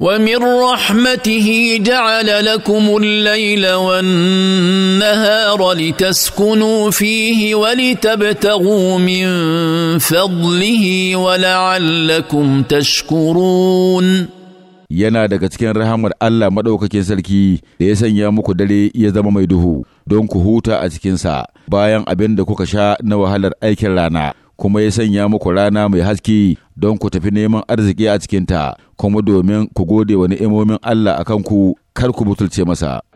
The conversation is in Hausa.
ومن رحمته جعل لكم الليل والنهار لتسكنوا فيه ولتبتغوا من فضله ولعلكم تشكرون yana daga cikin rahamar Allah maɗaukakin sarki da ya sanya muku dare ya zama mai duhu don ku huta a cikinsa bayan abin da kuka sha na wahalar aikin rana. kuma ya sanya muku rana mai haske don ku tafi neman arziki a cikinta kuma domin ku gode wa ni'imomin Allah a kanku kar ku butulce masa.